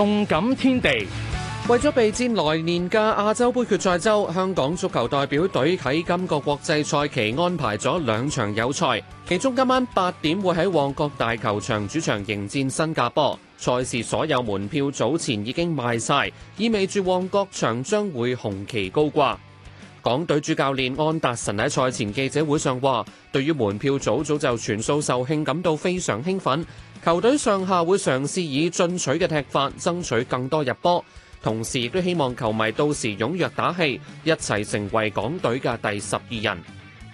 動感天地，為咗備戰來年嘅亞洲盃決賽周，香港足球代表隊喺今個國際賽期安排咗兩場友賽，其中今晚八點會喺旺角大球場主場迎戰新加坡。賽事所有門票早前已經賣晒，意味住旺角場將會紅旗高掛。港隊主教練安達臣喺賽前記者會上話，對於門票早早就全數售罄感到非常興奮，球隊上下會嘗試以進取嘅踢法爭取更多入波，同時亦都希望球迷到時踴躍打氣，一齊成為港隊嘅第十二人。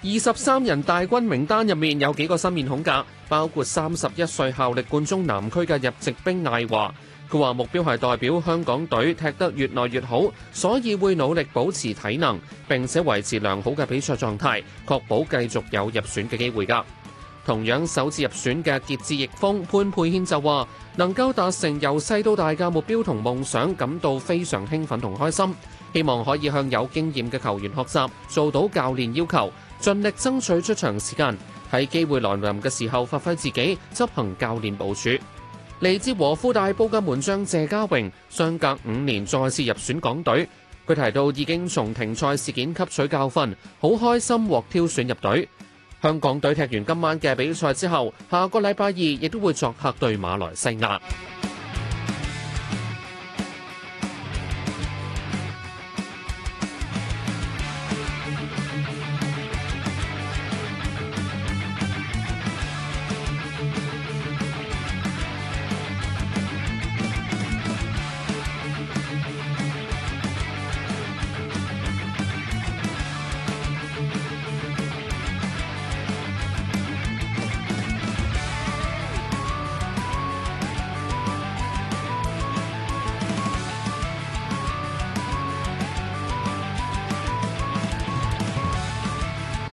二十三人大軍名單入面有幾個新面孔噶，包括三十一歲效力冠忠南區嘅入籍兵艾華。佢話目標係代表香港隊踢得越耐越好，所以會努力保持體能，並且維持良好嘅比賽狀態，確保繼續有入選嘅機會㗎。同樣首次入選嘅傑志翼鋒潘佩軒就話：能夠達成由細到大嘅目標同夢想，感到非常興奮同開心。希望可以向有經驗嘅球員學習，做到教練要求，盡力爭取出場時間，喺機會來臨嘅時候發揮自己，執行教練部署。嚟自和富大埔嘅門將謝家榮，相隔五年再次入選港隊。佢提到已經從停賽事件吸取教訓，好開心獲挑選入隊。香港隊踢完今晚嘅比賽之後，下個禮拜二亦都會作客對馬來西亞。